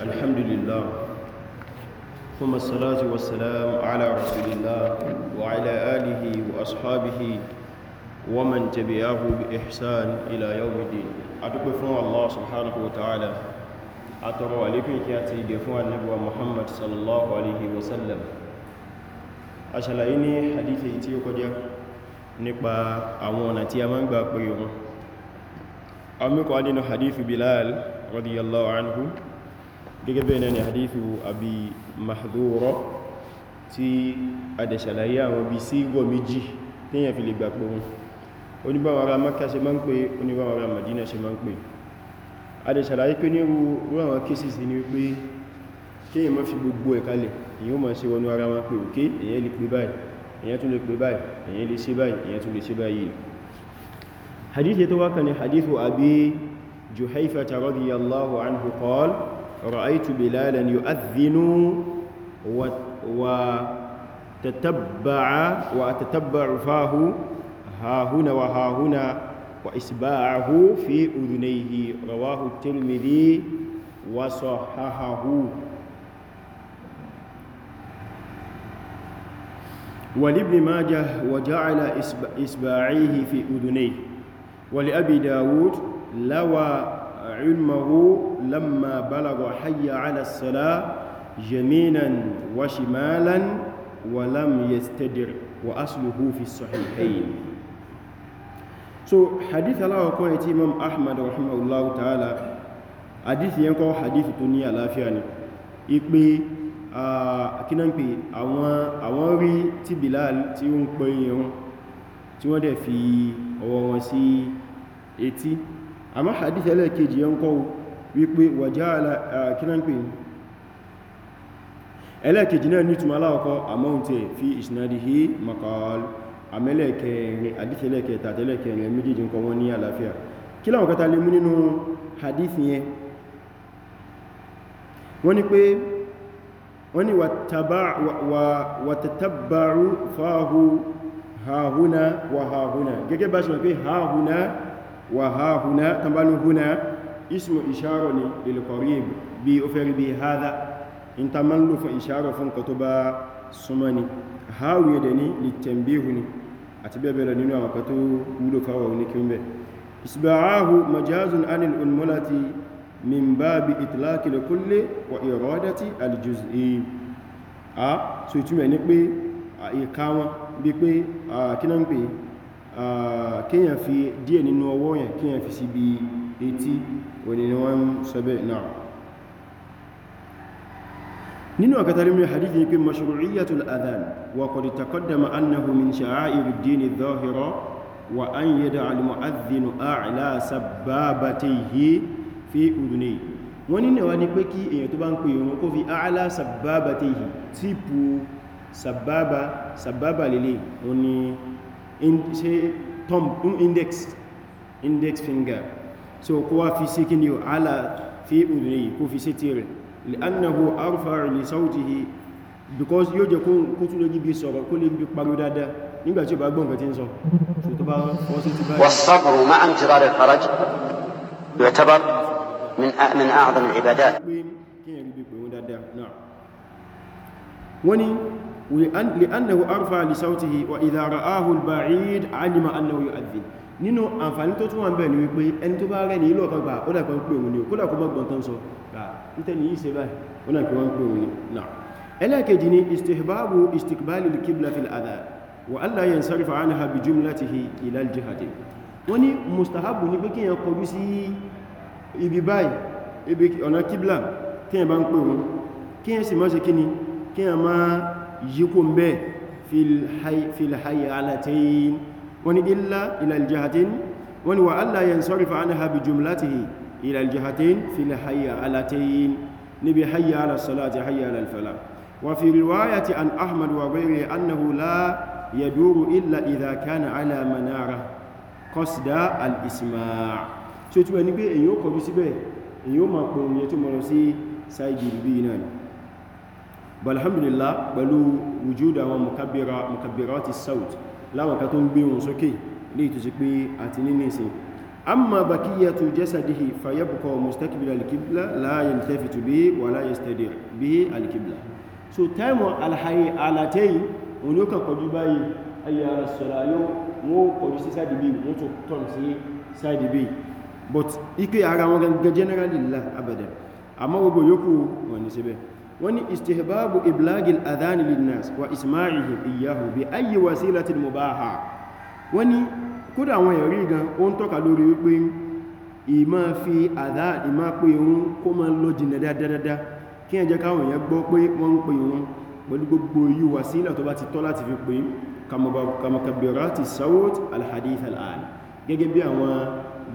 الحمد لله ثم الصلاة والسلام على رسول الله وعلى آله وأصحابه ومن تبعه بإحسان إلى يوم الدين أتقفون الله سبحانه وتعالى أتروا عليكم كياتي قفوا النبوة محمد صلى الله عليه وسلم aṣàlàyé ní hadithi tí ó kọjá nípa àwọn ọ̀nà tí a máa ń gbà pé yóò amíkọ̀ adínà hadithi Bilal radiyallahu anhu gẹ́gẹ́ bẹ́ẹ̀ náà ni hadithu abi mahdhura tí a dẹ̀ ṣàlàyé àwọn bí sí ìwọ̀ méjì tíyàn fi lè gbà pé wọn oníbáwara maka ṣe máa ń pè oníbáwara madina ṣe máa ń pè a pé ní irú àwọn cases ni wípé kíyàn má fi gbogbo ẹ̀kalẹ̀ èyàn máa ṣe radiyallahu anhu qala رأيت بلالا يؤذن وتتبع وأتتبع فاه ها هنا وها هنا وإسباعه في أذنيه رواه الترمذي وصححه ولابن ماجه وجعل إسباعيه في أذنيه ولأبي داود لوى علمه لما بلغ حي على الصلاة يمينا وشمالا ولم يستدر وأصله في الصحيحين so hadith aláwọ̀kọ́ ẹ̀tí imam ahmad rahimahullahu ta'ala hadith yẹn kọ́ hadith tó ní àláfíà ni ipé àkínánpé àwọn rí tí bilal tí ó ń pè yẹn tí wọ́n dẹ̀ fi ọwọ́ wọn sí etí àmá hadith ẹlẹ́kejì yẹn kọ́ wípé wàjá kínáńpé ẹlẹ́kejì náà ní túnmọ́ aláwọ̀kọ́ àmọ́ǹtẹ̀ fi isnadihi maqal àmẹ́lẹ́kẹrin hadith ẹlẹ́kẹta tẹ́lẹ́kẹrin méjìjì kọ́ wọ́n ní àlàáfíà kí láwọn kẹta lè mú nínú hadith yẹn wọ́n ní pé wọ́n ní wàtàbàrú fáhù hàhúnà wà hàhúnà gẹ́gẹ́ bá ṣe wọ́n pé hàhúnà وهاهنا تنبانو هنا اسم إشارة للقريب بي أفر بي هذا انت من لف إشارة فانكتبا سماني هاو يدني للتنبيهني أتبع بلنينو وقتو ولو فاوهني كمبه إسباعاه مجاز عن الأنملة من باب إطلاق لكل وإرادة الجزء a so ìtumọ̀ ní pé ìka wọn bí pé kí náà ń pè kíyàn fi díẹ̀ nínú ọwọ́ yẹn kíyàn fi sí bí etí òní ni wọ́n sọ́bẹ̀ náà nínú àkàtàrí mú hadith ní pé mashru'iyyatul adhan wa qad taqaddama annahu min sha'a'iri dini dhahira wa an yada al-mu'adhdhin a'la sabbabatihi fi udunay wọ́n nínú wa ní pé kí èyàn tó bá ń pè ìrun kó fi a'la sabbabatihi típù sababa sababa lele wọ́n ni سي توم ام اندكس اندكس فينجر سو كوا في سكنيو على في اذني كو في ستير لانه ارفع لصوته because yóò jẹ́ kó tún lójú bí sọ̀rọ̀ kó lè bí pariwo dáadáa nígbà tí ó bá gbọ́n nǹkan tí ń sọ so tó bá fọ́ sí ti báyìí. والصبر مع امترار الفرج يعتبر من من اعظم العبادات. wọ́n ní لأنه أرفع لصوته وإذا رآه البعيد علم أنه يؤذن nínú àǹfààní tó tún wà ń bẹ̀ ní wípé ẹni tó bá rẹ̀ ní ilé ọ̀kan gbà ó dàgbà ń pè òun ni ó kódà kó mọ́gbọ̀n tán sọ gbà títẹ́ ní ìṣẹ́ báyìí ó dàgbà wọ́n pè òun náà ẹlẹ́ẹ̀kejì ni istihbabu istikbali kibla fil yíkò mẹ́ filhayyalatayin wani illa ilaljihatin wani wa Allah yan sọ́rìfà an habi jumlatihi ilaljihatin filhayyalatayin níbi hayyala salati hayyala alfala wa fi riwayati an ahmad wa bayre annahu la yaduru illa idha kana ala manara qasda al-isma' tí ó túnbẹ̀ ní pé èyí ó kọjú síbẹ̀ èyí ó ma pọ̀ òun yẹ tó mọ̀ lọ sí sáìgì ìbí náà balhamdulillah pẹ̀lú wujud àwọn mukabbirati saut láwọn ká tó ń gbé ohùn sókè ní ìtò sí pé àti ní nìsìn amma bakiyatu jasadihi fayabqa mustaqbil alqibla la yantafitu bihi wa la yastadir bihi alqibla so taimu alhaye alateyi òun yóò kàn kọjú báyìí ayé ara sọ̀rọ̀ yóò wọ́n kọjú sí sáàdì bí wọ́n tó tọ́n sí sáàdì but ike ara wọn gangan generally la abadan àmọ́ gbogbo yóò kú wọn wọ́n ní istihbabu iblagil adhani linnas wa isma'ihim iyahu bi ayi wasilatin mubaha wọ́n ní kódà àwọn ẹ̀rí gan ó ń tọ́ka lórí wípé ìmá fi àdá ìmá pé òun kó ma lọ jìnà dáadáa kí ẹjẹ́ káwọn èèyàn gbọ́ pé wọ́n ń pè òun pẹ̀lú gbogbo yí wàsílà tó bá ti tọ́ láti fi pè kàmọ̀kàbẹ̀rá ti sawot alhadith al'ad gẹ́gẹ́ bí àwọn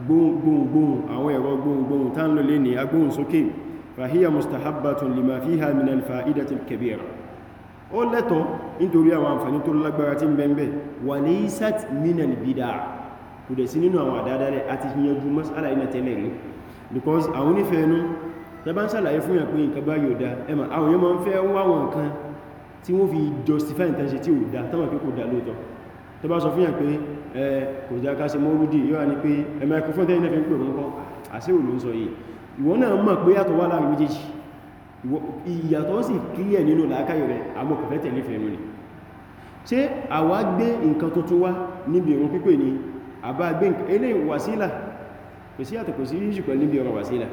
gbohùngbohùn àwọn ẹ̀rọ gbohùngbohùn tán lólé ní agbóhùn sókè fàhíyà mustahabbatun lima fiha min alfa'idatil kabira ó lẹ́tọ̀ nítorí àwọn àǹfàní tó lágbára tí ń bẹ́ẹ̀bẹ́ wà ní isat minal bida kò dẹ̀ sí nínú àwọn àdádálẹ̀ àti yanjú masala iná tẹ́lẹ̀ rí because àwọn onífẹ́ẹ̀nú tẹbá ń sàlàyé fún yàn pé nǹkan bá yóò dá ẹmà àwọn yóò máa ń fẹ́ wáwọn nǹkan tí wọ́n fi justify nǹkan ṣe tí ò dá tọ́mà pé kò dá lóòtọ́ tẹbá sọ fún yàn pé ẹ ìwọ náà mọ̀ pé yàtọ̀ wà láàrin méjèèjì ìyàtọ̀ sì kílẹ̀ nínú làákàyọ̀ rẹ̀ amọ̀kọ̀fẹ́ tẹ̀lé fẹ̀rún ni ṣé àwa gbé nǹkan tuntun wá níbi ìrun pípè ní àbá gbé ilé wàsílà kò sí yàtọ̀ kò sí yíṣù pẹ̀lú níbi ọ̀rọ̀ wàsílà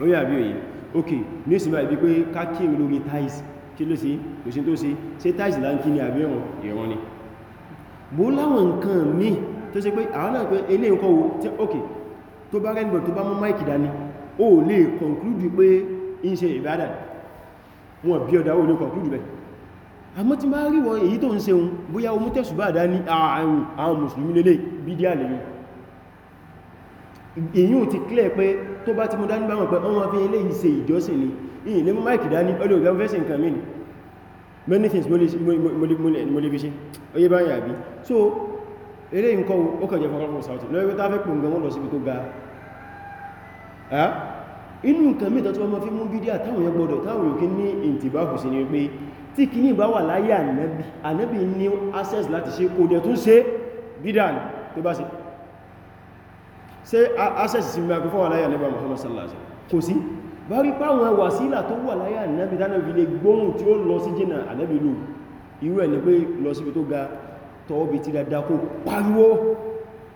ó yà bí òye ok ní ìsinmi àbí pé ká kírun lórí táìs kí ló sí kò sí tó sí ṣé táìs là ń kí ni àbí ìrun ìrun ni bó láwọn nǹkan míì tó ṣe pé àwọn náà pé ilé nǹkan wo ok tó bá rẹ́nìbọ̀ tó bá mú máìkì dání ó lè conclude pé in ṣe ìbádà wọn bí ọ̀dá ó lè conclude bẹ́ àmọ́ ti máa rí wọn èyí tó ń ṣe ohun bóyá o mú tẹ̀sùbá dání ààrùn àwọn mùsùlùmí lélẹ̀ bídíà lèyìn èyí clear pé tó bá ti mú dání báwọn pé ọmọ fi ilé yìí ṣe ìjọsìn ni ìyìn lè mú máìkì dání ọlọ́ ìgbà fẹ́sìn so eré nǹkan ó kàn jẹ fọ́nrán fún sáwọ́tì lọ́wọ́ tá fẹ́ pòǹgà wọ́n lọ síbi tó ga inú nǹkan mẹ́ta tí wọ́n mọ́ fi mú bídíà táwọn yẹn gbọ́dọ̀ táwọn yóò kí ní ìntìbáhù sí ni pé tí kìíní bá wà láyé ànábì ànábì ní access láti ṣe kò dẹ̀ tún ṣe bídíà tó bá ṣe ṣe access sí mẹ́kù fọ́wà láyé ànábì Muhammad sallallahu alaihi wasallam kò sí bá rí páwọn wàsílà tó wà láyé ànábì tánàbì lè gbóhùn tí ó lọ sí jìnà ànábì lò irú ẹ̀ ni pé lọ síbi tó ga tọ́ọ̀bì tí dáadáa kó pariwo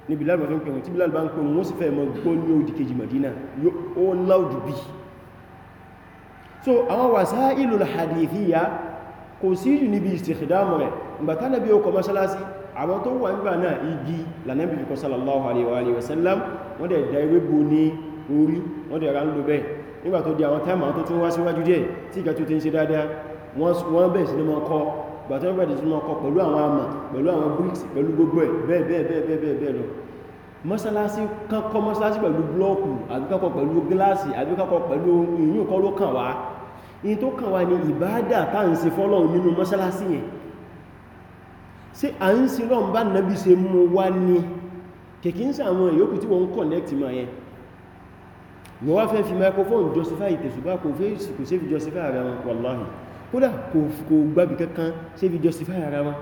ní Bilal bá fẹ́ pẹ̀lú tí Bilal bá ń pẹ̀lú wọ́n sì fẹ́ mọ́ gbọ́ ní òdì kejì Madina ó láùdù bí so àwọn wasailul hadithiyya kò sí jù níbi istikhdam rẹ̀ ìgbàtà nàbí ọkọ̀ mọ́sálásí àwọn tó igi lànàbí kọ sallallahu alaihi wa sallam wọ́n dẹ̀ dá ewé bo ní orí wọ́n dẹ̀ ra ń lo bẹ́ẹ̀ nígbà tó di àwọn táìmù àwọn tó tún wá síwájú díẹ̀ tí ìgbà tó ti ń ṣe dáadáa wọ́n bẹ̀ẹ̀ sí ní mọ́ kọ́ gbàtọ́ ìbàdì tí wọ́n kọ pẹ̀lú àwọn àmà pẹ̀lú àwọn bricks pẹ̀lú gbogbo ẹ̀ bẹ́ẹ̀ bẹ́ẹ̀ bẹ́ẹ̀ bẹ́ẹ̀ bẹ́ẹ̀ lọ mọ́sálásí kankọ́ mọ́sálásí pẹ̀lú blọ́ọ̀kù àbíkakọ̀ pẹ̀lú gíláàsì àbíkakọ̀ pẹ̀lú ìyún kọ́ ló kàn wá in tó kàn wá ní ìbáádà tá à ń ṣe fọ́lọ́hun nínú mọ́sálásí yẹn ṣé à ń ṣe lọ́n bá nàbí ṣe mú wá ní kèkí ń sàwọn ìyókù tí wọ́n ń connect mọ́ yẹn wọ́n wá fẹ́ fi microphone justify ìtẹ̀sùbá kò fẹ́ kò sí fi justify ara wọn wàláhìí kódà kò gbábi kankan ṣe fi justify ara wọn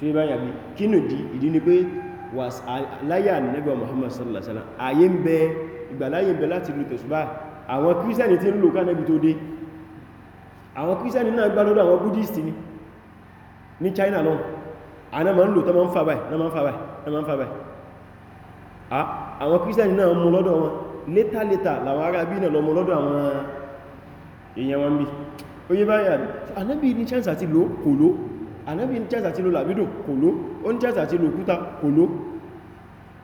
ṣe bá yàbí kí nù dí ìdí ni pé láyà nẹ́gbà Muhammad sallallahu alaihi wasallam ayé ń bẹ ìgbàláyé ń bẹ láti lu tẹ̀sùbá àwọn kírísẹ́nì tí ń lò kánẹ́bì tó dé àwọn kírísẹ́nì náà gbá lọ́dọ̀ àwọn buddhist ni ní China lọ́n àná ma ń lò tó ma ń fà báyìí náà ma ń fà báyìí náà ma ń fà báyìí àwọn wọn létà oye báyà anábi ní chance àti lò kò lò anábi ní chance àti lò làbídò kò lò ó ní chance àti lò kúta kò lò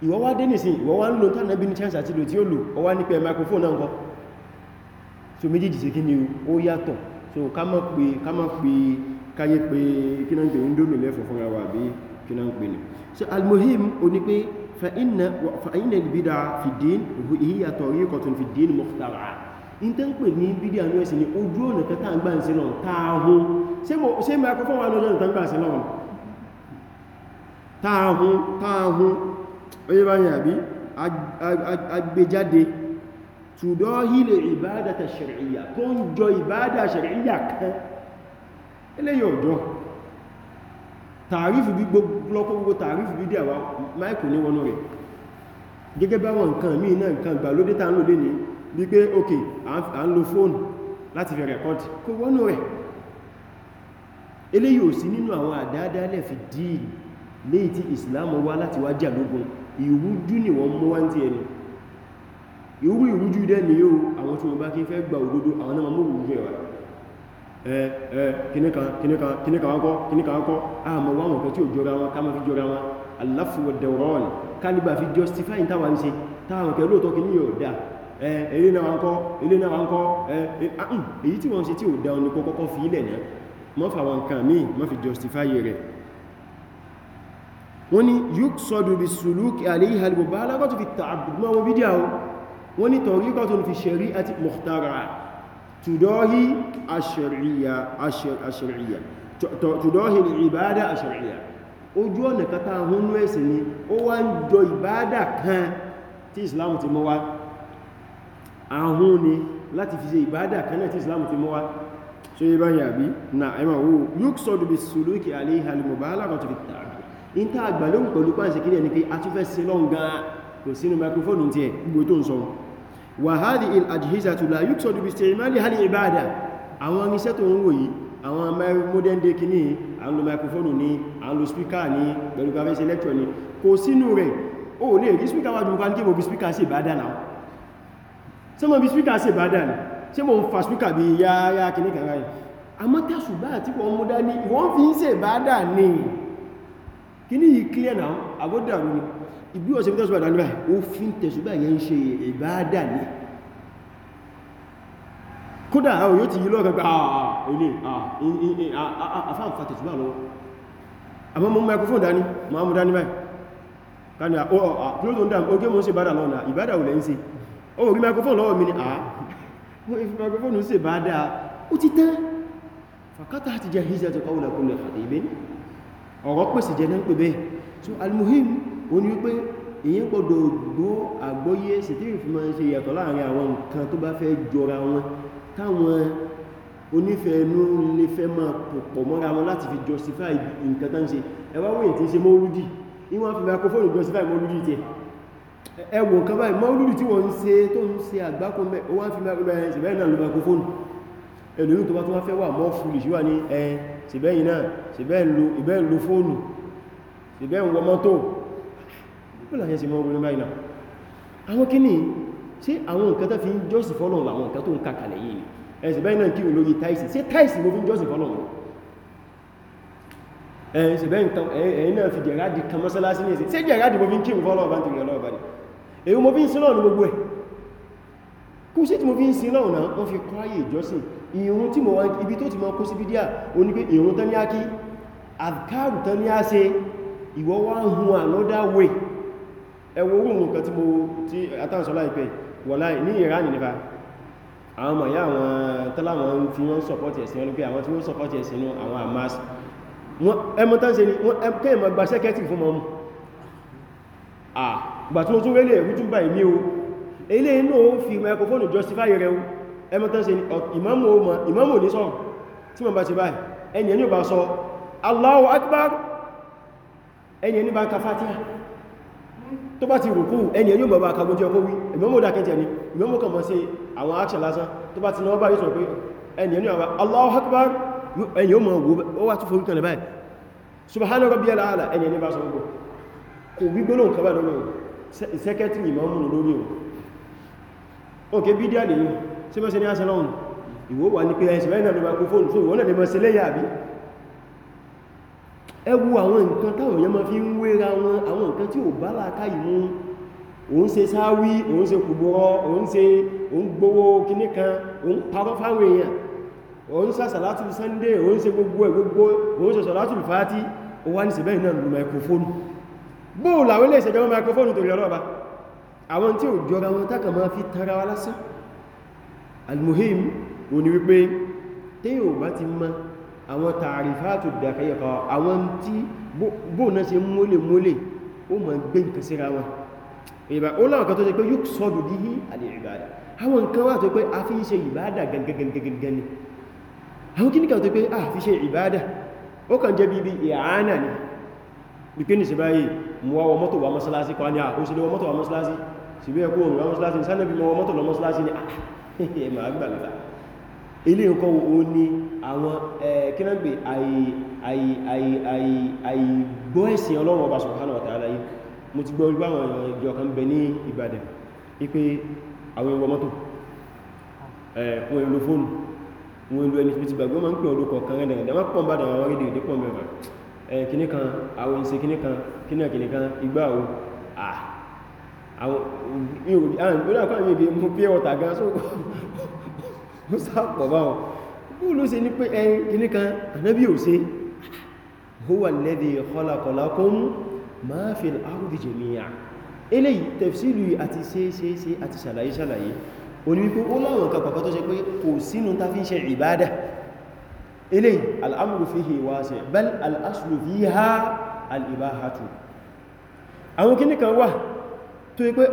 ìwọ wá dé nìsìn ìwọ wá ń lò tánàbí ní chance àti lò tí ó lò ọ wá ní pé microphone náà kọ́ so méjèèjì sí kí ni ó yàtọ̀ so ká mọ̀ pé ká mọ̀ pé káyé pé kí náà ń pè ń dómi lẹ́fọ̀ fúnra wà bí kí náà ń pè ní so almuhim o ni pé fa inna al bid'a ìtẹ́ ń pè ní bídíà ní ẹ̀sìn ní ojú ọ̀nà kẹta ń gbà ń sí lọ́run táàhún ṣé mi akọ́kọ́ wà lọ́jọ́ ìtàn gbà sí lọ́run táàhún táàhún oye bá yà bí agbèjáde tùdọ́ hílẹ̀ ìbádà ta ṣẹ̀rìyà tó ń jọ ìbádà ṣẹ̀rìyà kan eléyìí ọjọ́ tààrífù bí gbogbo tààrífù bídíà wa máìkù ní wọnú rẹ̀ gẹ́gẹ́ bá wọn nǹkan míì náà nǹkan gbà lódé tá bí pé ok à ń lo fóònù láti fi rẹ̀kọ́dì kò wọ́nú rẹ̀ eléyìí ò sí nínú àwọn àdáadáalẹ̀ fi díìlì léyìí tí ìsìláàmù wá láti wá jà lógun ìrújú ni wọ́n mú wá ń ti ẹnu irú ìrújú dẹ́ ni yóò àwọn tí wọ́n bá kí fẹ́ gba òdodo àwọn náà mú ìrújú ẹ̀wà kìníkan kìníkan kìníkan wákọ́ kìníkan wákọ́ àmọ́ wáwọn kan tí ò jọra wọn ká má fi jọra wọn aláfíwọ̀dẹ̀wọ̀n kálíbà fi justify táwọn ń ṣe táwọn kẹ lóòtọ́ kìíní yóò dáa ilé náà ń kọ́ ilé náà ń kọ́ ah, mm, èyí tí wọ́n ṣe tí ò dá oní kọ́kọ́kọ́ fi ilẹ̀ náà mọ́ fàwọn nǹkan míì mọ́ fi justify rẹ̀ wọ́n ni yuk sọ́dù bí sùlúkì aléhà alìbòbá alákọ́tù fi tààbùgbọ́n wọn bídíà o wọ́n ni tọ̀ríkọ́ tó fi ṣẹ̀rí àti mọ̀tàrà tùdọ́hí aṣẹ̀ríyà tùdọ́hí tí Islam ti mọ́ wá ahun ni láti fi ṣe ìbádà kanáà tí islam ti mú wá so yẹ báyìí àbí na ẹmà wo yóò sọ́dọ̀ bí sùlúkì aléhàlùmọ̀bá alákọ̀tọ̀ fi tààrà in ta àgbàlóhùn pẹ̀lú pàṣẹ kí ní pé a tún fẹ́ sí lọ́n gan kò sínú microphone tí ẹ gbogbo tó ń sọ wà há di il àjíhíṣà tó la yóò sọ́dọ̀ bí sẹ́rìmálì hálì ṣe mọ̀ bí spíkà ṣe bá dáa ṣe mọ̀ ń fa spíkà bí yáyá kìí kàrá yìí àmọ́ tẹ́ṣùgbà àti wọ́n mú dání ìwọ́n fi ń ṣe bá dáa ní kíní yìí clear now àbọ́dàrú ni ìbí ọ̀sẹ̀ tẹ́ṣùgbà dání báyìí ó fi ń tẹ̀ṣùgbà yẹn ń ṣe ìbá dáa ní kódà àwọn yóò ti yí lọ́ọ̀kan pé ààrẹ àfáàfà tẹ̀ṣùgbà lọ́wọ́ àmọ́ mú microphone dání máa mú dání báyìí ó rí microphone lọ́wọ́ mi ni àá ah. wọ́n fi microphone ń ṣe bá dáa ó ti tẹ́ fàkátà àti jẹ́ hijab qawla kulli khatibin ọ̀rọ̀ pèsè jẹ́ náà pè bẹ́ẹ̀ so almuhim ó ní wípé èyàn gbọ́dọ̀ gbọ́ àgbọ́yé sètírì fi máa ń ṣe ìyàtọ̀ láàrin àwọn nǹkan tó bá fẹ́ jọra wọn táwọn onífẹ̀ẹ́nú lè fẹ́ máa pọ̀ mọ́ra wọn láti fi justify nǹkan tán ṣe ẹwà wọ́n èyí tí ń ṣe mọ́lúdì ẹwọ nǹkan báyìí mọ́lúdì tí wọ́n ń ṣe tó ń ṣe àgbákùn mẹ́ o wá ń fi mẹ́rin ṣìbẹ́yìn náà ló microphone ẹlòmí tó bá tó wá fẹ́ wà mọ́ fúlì ṣíwà ní ẹ ṣìbẹ́yìn náà ṣìbẹ́yìn lo fóònù ṣìbẹ́yìn wọ mọ́tò ó láyé sí mọ́ ogun báyìí náà àwọn kíní ṣé àwọn nǹkan tó fi ń jọ́sìn fọ́lọ̀ làwọn nǹkan tó ń kàkàlẹ̀ yìí ni ẹ ṣìbẹ́yìn náà kí olórí táìsì ṣé táìsì ló fi ń jọ́sìn fọ́lọ̀ lọ ẹ ṣìbẹ́yìn náà fi jẹ̀ráàdì èyí mo fi ń sin náà ní gbogbo ẹ̀ kú sí tí mo fi ń sin náà náà wọ́n fi kọ́ ayé ìjọsìn ìrun tí mo wá ibi tó ti mọ́ kó sí bídíà o ní pé ìrun tán ní á kí àkáàrù tán ní á ṣe ìwọ wá ń hun another way ẹwọ orú nǹkan tí mo tí atánsọ láìpẹ́ wọ̀lá ní ìránì nípa àwọn ọmọ ìyá àwọn tọ́láwọn tí wọ́n sọpọ́tì ẹ̀sìn wọn lókè àwọn tí wọ́n sọpọ́tì ẹ̀sìn inú àwọn àmás ẹmọ tán ṣe ni wọ́n kẹ́ ìmọ̀ gba sẹ́kẹ́tì gbà tí ó tún rẹ́lẹ̀ ìrújú bá ìmí o ilé inú o fi microphone justify rẹ̀ o ẹmọ́tán se ìmámù ní sọ́rọ̀ tí wọ́n bá ti báyìí ẹni ẹni bá sọ Allahu Akbar ẹni ẹni bá ń ka Fatiha tó bá ti rùkú ẹni ẹni bá ka gbójú ọkọ̀ wí ìmámù dákẹjẹ ni ìmámù kàn mọ́ sí àwọn action lásán tó bá ti náwọ́ bá yóò pé ẹni ẹni àwọn Allahu Akbar ẹni ó mọ̀ ó wà tó forú kan lẹ́bàá subhana rabbiyal a'la ẹni ẹni bá sọ gbogbo kò wí gbóná nǹkan bá lọ́nà sẹ́kẹ́tìrì ìmọ̀mù lórí o ok bí díà lè yìí tí mọ́ sí ní asẹ́lọ́un ìwò wà ní pé ẹ̀sìn mẹ́rin àdúgbà kó fóònù tó ìwọ́n náà lè mọ́ sí léyà bí ẹ wo àwọn nǹkan táwọn èèyàn máa fi ń wéra wọn àwọn nǹkan tí ò bá láàká ìmú òun ṣe sáwí òun ṣe kùgbọ́rọ́ òun ṣe òun gbowó kinní kan òun parọ́ fáwọn èèyàn òun ṣe sàlátù sunday òun ṣe gbogbo ẹ̀ gbogbo òun ṣe sàlátù fàátì ó wá ní sẹ́bẹ̀ẹ́ náà lu microphone bóò làwọn ilé ìṣẹ̀jọba microphone tó lọ́rọ̀ bá àwọn tí ò jọra wọn tákà máa fi tara wa lásán almuhim o ni wípé tí ò bá ti mọ àwọn tààrífàtò dàkẹyẹkọ àwọn tí bóò náà ṣe mólè mólè ó ma gbé nǹkan síra wọn ìbá ó láwọn kan tó ṣe pé yóò sọ́dù díhí àlè ìbádà àwọn nǹkan wà tó pé a fi ń ṣe ìbádà gangan ni àwọn kíníkà tó pé a fi ṣe ìbádà ó kàn jẹ́ bíbi ìhánà ni bí pé nìṣẹ́ báyìí mú wá wọ mọ́tò wá mọ́sálásí kan ní àkóṣe ah, lé wọ mọ́tò wá mọ́sálásí síbí ẹkú òun wá mọ́sálásí ní sánàbí mọ́ wọ mọ́tò lọ mọ́sálásí ní ah, ẹ̀ máa gbà lọ́ta ilé nǹkan wo ni àwọn kínágbé àìgbọ́ ẹ̀sìn ọlọ́run ọba subhanahu wa ta'ala yìí mo ti gbọ́ orí àwọn èèyàn ìjọ kan bẹ ní Ìbàdàn wípé àwọn èèyàn wọ mọ́tò wọn èèyàn lo fóònù wọn èèyàn lo ẹni tí gbàgbọ́ máa ń pè ọdún kọ̀ọ̀kan rẹ̀ dàgbà pọ̀ ń bá dàgbà wọ́n rí dèdè pọ̀ mẹ́rin kìní kan àwọn ìṣe kìní kan kìní kìní kan igbá o àwọn ìrìnàkọ́ àmì ìbí mú pé ọ̀tà gan so ó sáàpọ̀ bá wọn bú ló ṣe ní pé ẹni kìní kan ànábí ò ṣe huwa alladhi khalaqa lakum ma fil ardi jami'a eléyìí tafsilu àti ṣe ṣe ṣe àti ṣàlàyé ṣàlàyé oníwípé ó láwọn kan pàpàtọ́ ṣe pé kò sínú ta fi ń ṣe ìbádà ilé al'amuru fihi wáṣẹ̀ bal al'aslu fiha al'ibahatu àwọn kíní kan wà tó yí pé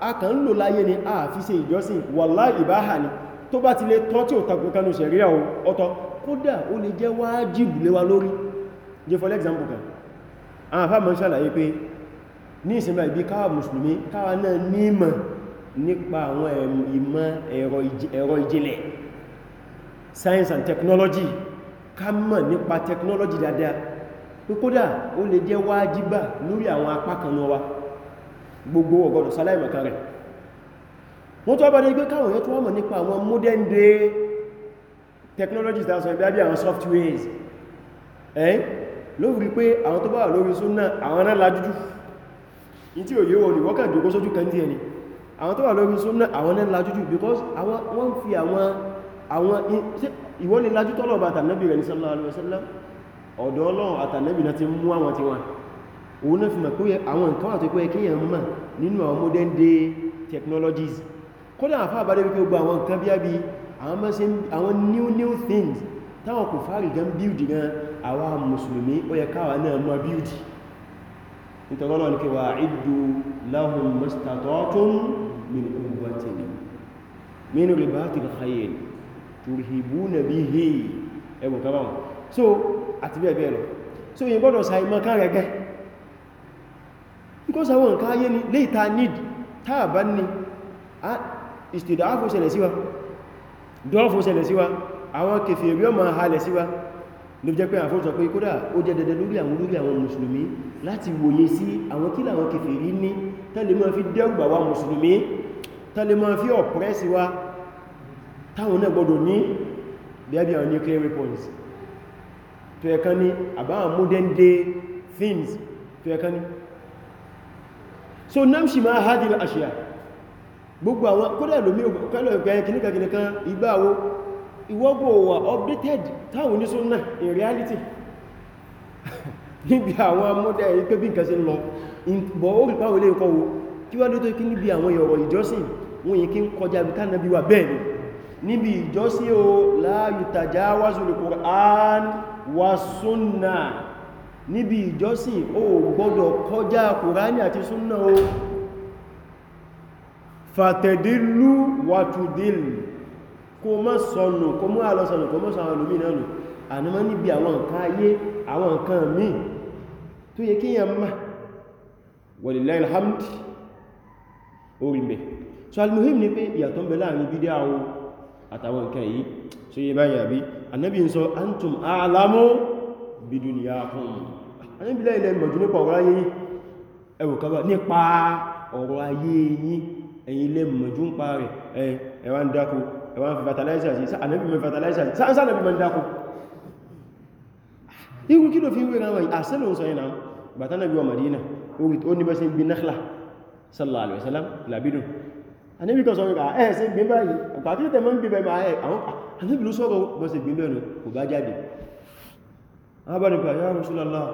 a kàn ń lò láyé ni a fi ṣe ìjọsìn wallahi ìbáhà ni tó bá ti lè tọ́ tí ó tagbókanú ṣẹ̀ríà ọ̀tọ̀ kódà ó lè jẹ́ wájìbù léwa lórí jẹ́ for example kan àwọn afá mọ́ ṣàlàyé pé ní ìsinmi ìbí káwà mùsùlùmí káwà náà nímọ̀ nípa àwọn ìmọ̀ ẹ̀rọ ìjìnlẹ̀ science and technology ká mọ̀ nípa technology dáadáa pé kódà ó lè jẹ́ wájíbà lórí àwọn apá kan náà wa gbogbo ọgọ́dọ̀ sáláìmọ̀kan rẹ̀ wọ́n tó bá ní pé káwọn yóò tó wọ́n mọ̀ nípa àwọn modern day technologies that are bí àwọn softwares ẹ́ ló rí pé àwọn tó bá wà lórí súnnà àwọn náà lájújú in tí òye wọ́n ni wọ́n kàn jókòó sójú kan díẹ̀ ni àwọn tó wà lórí súnnà àwọn náà lájújú because wọ́n fi àwọn ìwọ ni lájú tọ́lọ̀ bá tànàbí rẹ̀ ní sallallahu alaihi wasallam ọ̀dọ̀ ọlọ́run àtànàbí náà ti mú àwọn ti wọn òun náà fi mọ̀ pé àwọn nǹkan àti pé kí èèyàn mọ̀ nínú àwọn modern day technologies kódà àfá àbádé wípé gbogbo àwọn nǹkan bíá bí àwọn new new things táwọn kò fárí gan build gan àwa mùsùlùmí ó yẹ káwa náà mọ̀ build nítorí ọlọ́run kí wà ìdù turhibuna bihi ẹwùn kan báwọn so àti bẹ́ẹ̀ bẹ́ẹ̀ lọ so yìí gbọ́dọ̀ sa ìmọ̀ kan rẹ̀gẹ́ because àwọn nǹkan ayé ni lè ta need táà bá ní ìstìdá áfòsẹ̀lẹ̀ síwá dọ́fòsẹ̀lẹ̀ síwá àwọn kèfèé rí ọmọ halẹ̀ síwá ló jẹ́ pé àfóòsọ pé kódà ó jẹ́ dẹ̀dẹ̀ lórí àwọn olórí àwọn mùsùlùmí láti wòye sí àwọn kílà àwọn kèfèé rí ní tẹ́lẹ̀ máa fi dẹ́rùbà wa mùsùlùmí tẹ́lẹ̀ máa fi ọ̀pẹ́sì wa táwọn náà gbọdọ̀ ní bí àwọn nuclear weapons tó ẹ̀kan ní about modern day things tó ẹ̀kan ní so namshi ma hadil ashiya gbogbo àwọn kódà lómi kọ́lọ̀ ìpẹ́ kìníkà kìníkà ìgbàwó ìwọ́gbò wà updated táwọn ní sunnah in reality níbi àwọn amọ́dá ẹ̀rí pé bí nǹkan sí lọ bọ̀ ó rìpáwọlé ìkọwò kí wá ló tó kí níbi àwọn ìyọ̀rọ̀ ìjọsìn wọ́n yìí kí ń kọjá bí tánàbí wà bẹ́ẹ̀ ni níbi ìjọsí o láàyù tàjáwázù lè Qur'an wa súnnà níbi ìjọsí o gbọ́dọ̀ kọjá Qur'ani àti súnnà o fàtẹ̀dìlú wàtúdìlù kó mọ́ sọnù kó mọ́ àlọ́sọnù kó mọ́ sọnù lómi náà nù ànímọ́ níbi àwọn nǹkan ayé àwọn nǹkan míì tó yẹ kí yẹn máa ni pé ìyàtọ̀ ń bẹ láàrin bídá àwọn àtàwọn nǹkan yìí so yẹ báyìí àbí anábì ń sọ antum a'lamu bidunyakum anábì lẹ́yìn lẹ́yìn mọ̀jú nípa ọ̀rọ̀ ayé ẹwù kaba nípa ọ̀rọ̀ ayé yìí ẹ̀yin lẹ́ mọ̀jú ń pa rẹ̀ ẹwà ń dákó ẹwà ń fi fertilizer sí anábì mọ̀ fertilizer sí sáà anábì mọ̀ ń dákó irú kí ló fi wé ra wọ̀nyí àṣẹ lòun sọ yìí náà bàtà náà bí wà Madina àníbì kan sọ́rọ̀ ẹ̀ sí gbé báyìí àpàkìlẹ̀ tẹ̀mọ́ ń gbé bẹ̀rẹ̀ ẹ̀ àwọn àníbì ló sọ́rọ̀ bọ́sẹ̀ gbé bẹ̀rẹ̀ kò bá jáde abánipa ya Rasulullah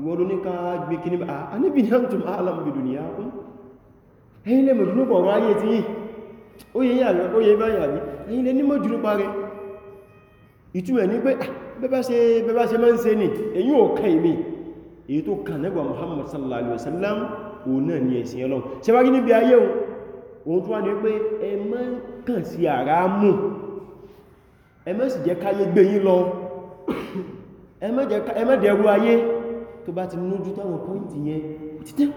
ìwọ ló ní ká gbé kí ní alam bi dunyakum ẹ̀yin lè mọ̀jú nípa ọ̀rọ̀ ayé ti yìí ó yẹ yà ó yẹ báyìí àbí ẹ̀yin lè ní mọ̀jú nípa rẹ̀ ìtumẹ̀ ní ah, ni ẹ̀yin ò kàn èmi Muhammad sallallahu alaihi wasallam òun náà ni ẹ̀sìn òun tó wá ní pé ẹ má ń kàn sí àrámù ẹ má sì jẹ́ káyé gbé yín lọ ẹ má dẹ̀rú ayé tó bá ti nójú táwọn pọ́ìntì yẹn títẹ́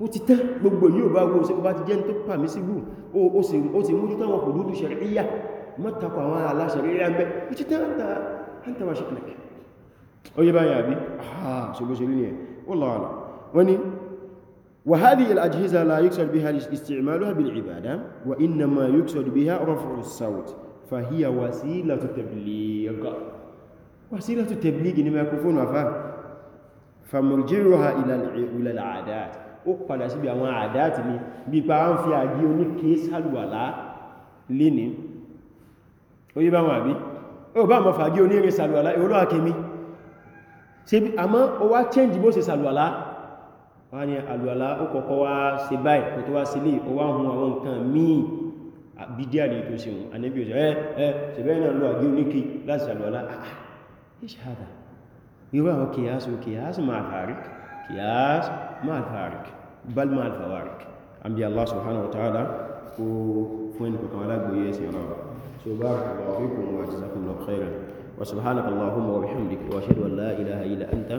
ó ti tẹ́ gbogbo yóò bá wó síkọ bá ti jẹ́ tó pàmí sí gbù ó sì mójú táwọn kò lúdú ṣẹ̀ríyà mọ́tàkọ̀ àwọn aláṣẹ̀ríyà ń bẹ́ ó ti tẹ́ àntàwà ṣẹ̀kẹ̀lẹ̀kẹ̀ وهذه الأجهزة لا يقصد بها استعمالها بالعبادة وإنما يقصد بها رفع الصوت فهي وسيلة تبليغ وسيلة تبليغ الميكروفون وفا فمرجعها إلى العادات ó padà síbi àwọn àdáàtì ní bí pa ń fi àgí oníkèé sàlùwàlá léni ó yí bá wọn àbí ó bá mọ̀ fàgí onírin sàlùwàlá ìwọ́lọ́ àkẹ́mí ṣe bí àmọ́ ó wá change bó ṣe sàlùwàlá wọ́n á ní àlùwàlá ó wá ṣe báyìí kò tó wá sí lè ó wá hun àwọn nǹkan míì bídíà ní ètò ìṣẹ̀wọ̀n àníbí ọ̀sẹ̀ ẹ́ ẹ́ ṣẹ̀bẹ́ náà lọ àgbé oníkì láti ṣàlùwàlá ìṣàdà irú àwọn kìyàsù kìyàsù máa fàárík kìyàsù máa fàárík bal máa fàárík an bí Allah subhanahu wa ta'ala kó fún ẹni kọ̀kan alágbóyé ẹ̀sìn ọ̀nà so barakallahu fikum wa jazakumullahu khairan wa subhanakallahumma wa bihamdika wa ashhadu an la ilaha illa anta